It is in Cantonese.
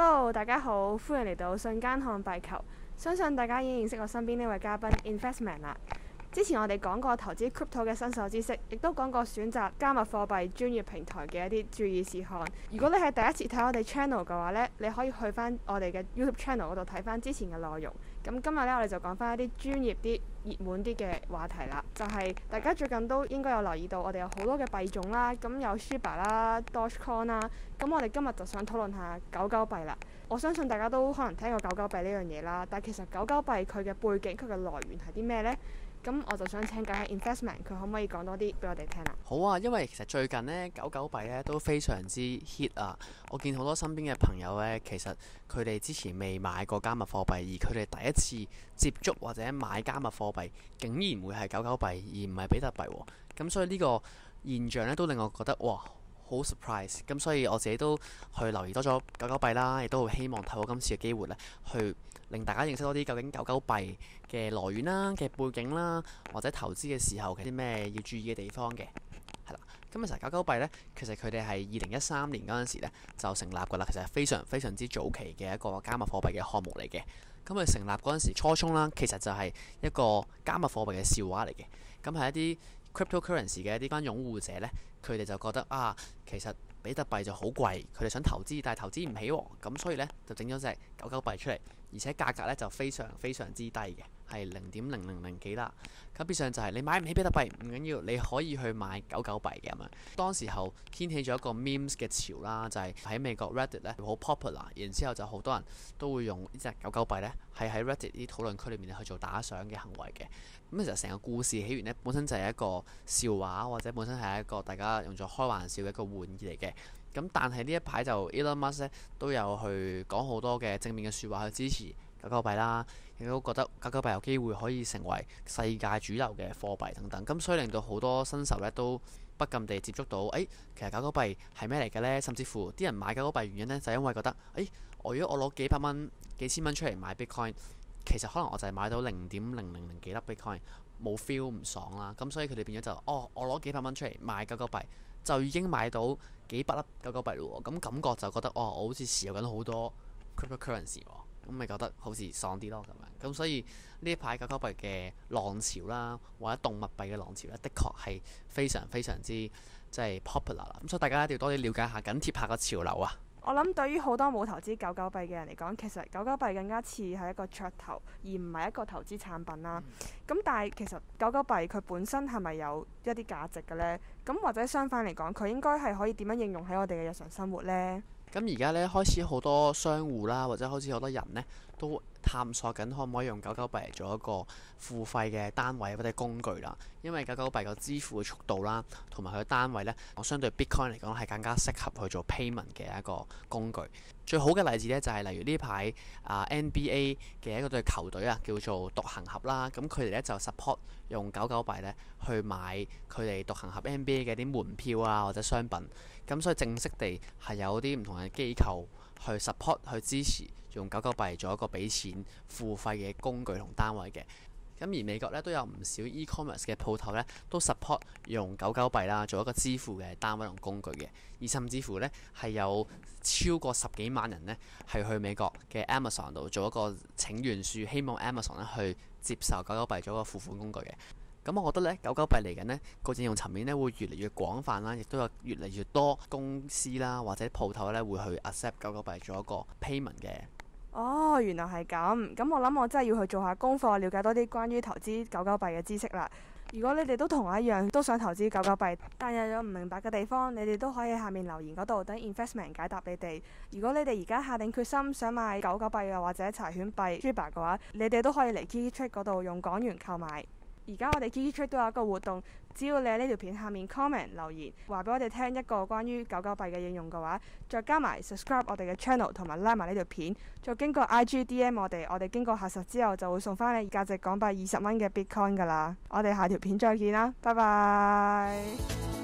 Hello，大家好，歡迎嚟到瞬間看地球。相信大家已經認識我身邊呢位嘉賓 Investment 啦。之前我哋講過投資 crypto 嘅新手知識，亦都講過選擇加密貨幣專業平台嘅一啲注意事項。如果你係第一次睇我哋 channel 嘅話咧，你可以去翻我哋嘅 YouTube channel 嗰度睇翻之前嘅內容。咁今日咧，我哋就講翻一啲專業啲、熱門啲嘅話題啦。就係、是、大家最近都應該有留意到，我哋有好多嘅幣種啦，咁有 Shiba 啦、啊、Dogecoin 啦、啊。咁我哋今日就想討論下狗狗幣啦。我相信大家都可能聽過狗狗幣呢樣嘢啦，但其實狗狗幣佢嘅背景、佢嘅來源係啲咩呢？咁我就想請教下 investment，佢可唔可以講多啲俾我哋聽啊？好啊，因為其實最近呢，狗狗幣咧都非常之 hit 啊！我見好多身邊嘅朋友呢，其實佢哋之前未買過加密貨幣，而佢哋第一次接觸或者買加密貨幣，竟然會係狗狗幣，而唔係比特幣喎、啊。咁所以呢個現象呢，都令我覺得哇！好 surprise，咁所以我自己都去留意多咗狗狗幣啦，亦都好希望透過今次嘅機會咧，去令大家認識多啲究竟狗狗幣嘅來源啦、嘅背景啦，或者投資嘅時候嘅啲咩要注意嘅地方嘅，係啦。咁啊，成狗狗幣咧，其實佢哋係二零一三年嗰陣時咧就成立噶啦，其實係非常非常之早期嘅一個加密貨幣嘅項目嚟嘅。咁佢成立嗰陣時初衷啦，其實就係一個加密貨幣嘅笑話嚟嘅，咁係一啲。Cryptocurrency 嘅呢班擁護者咧，佢哋就覺得啊，其實比特幣就好貴，佢哋想投資，但係投資唔起喎，哦，咁所以咧就整咗隻狗狗幣出嚟。而且價格咧就非常非常之低嘅，係零點零零零幾啦。咁變相就係你買唔起比特幣唔緊要，你可以去買狗狗幣嘅咁樣。當時候掀起咗一個 meme 嘅潮啦，就係、是、喺美國 Reddit 咧好 popular，然之後就好多人都會用隻狗狗呢隻狗狗幣咧，係喺 Reddit 啲討論區裏面去做打賞嘅行為嘅。咁其實成個故事起源咧，本身就係一個笑話，或者本身係一個大家用作開玩笑嘅一個玩意嚟嘅。咁但係、e、呢一排就 Elon Musk 都有去講好多嘅正面嘅説話去支持狗狗幣啦，亦都覺得狗狗幣有機會可以成為世界主流嘅貨幣等等。咁、嗯、所以令到好多新手咧都不禁地接觸到，誒、哎，其實狗狗幣係咩嚟嘅呢？甚至乎啲人買狗狗幣原因呢，就係、因為覺得，誒、哎，我如果我攞幾百蚊、幾千蚊出嚟買 Bitcoin，其實可能我就係買到零點零零零幾粒 Bitcoin，冇 feel 唔爽啦。咁、嗯、所以佢哋變咗就，哦，我攞幾百蚊出嚟買狗狗幣。就已經買到幾百粒狗狗幣了喎，咁感覺就覺得哦，我好似持有緊好多 cryptocurrency 喎，咁咪覺得好似爽啲咯咁樣。咁所以呢一排狗狗幣嘅浪潮啦，或者動物幣嘅浪潮咧，的確係非常非常之即係 popular 啦。咁所以大家一定要多啲了解下緊貼下個潮流啊！我諗對於好多冇投資狗狗幣嘅人嚟講，其實狗狗幣更加似係一個噱頭，而唔係一個投資產品啦。咁、嗯、但係其實狗狗幣佢本身係咪有一啲價值嘅呢？咁或者相反嚟講，佢應該係可以點樣應用喺我哋嘅日常生活呢？咁而家咧開始好多商戶啦，或者開始好多人呢。都。探索緊可唔可以用九九幣嚟做一個付費嘅單位或者工具啦，因為九九幣個支付嘅速度啦，同埋佢嘅單位呢，我相對 Bitcoin 嚟講係更加適合去做 payment 嘅一個工具。最好嘅例子呢，就係、是、例如呢排啊 NBA 嘅一個對球隊啊，叫做獨行俠啦，咁佢哋呢，就 support 用九九幣呢去買佢哋獨行俠 NBA 嘅啲門票啊或者商品，咁所以正式地係有啲唔同嘅機構。去 support 去支持用狗狗幣做一個俾錢付費嘅工具同單位嘅。咁而美國咧都有唔少 e-commerce 嘅鋪頭咧都 support 用狗狗幣啦，做一個支付嘅單位同工具嘅。而甚至乎咧係有超過十幾萬人咧係去美國嘅 Amazon 度做一個請願書，希望 Amazon 咧去接受狗狗幣做一個付款工具嘅。咁我覺得咧，狗狗幣嚟緊呢個應用層面咧會越嚟越廣泛啦，亦都有越嚟越多公司啦或者鋪頭咧會去 accept 狗狗幣做一個 payment 嘅。哦，原來係咁。咁我諗我真係要去做下功課，了解多啲關於投資狗狗幣嘅知識啦。如果你哋都同我一樣都想投資狗狗幣，但又有唔明白嘅地方，你哋都可以下面留言嗰度等 investment 解答你哋。如果你哋而家下定決心想買狗狗幣又或者柴犬幣 Super 嘅話，你哋都可以嚟 Kikitrade 嗰度用港元購買。而家我哋 Keytrade 都有一個活動，只要你喺呢條片下面 comment 留言，話俾我哋聽一個關於狗狗幣嘅應用嘅話，再加埋 subscribe 我哋嘅 channel 同埋拉埋呢條片，再經過 IGDM 我哋，我哋經過核實之後，就會送翻你價值港幣二十蚊嘅 Bitcoin 噶啦。我哋下條片再見啦，拜拜。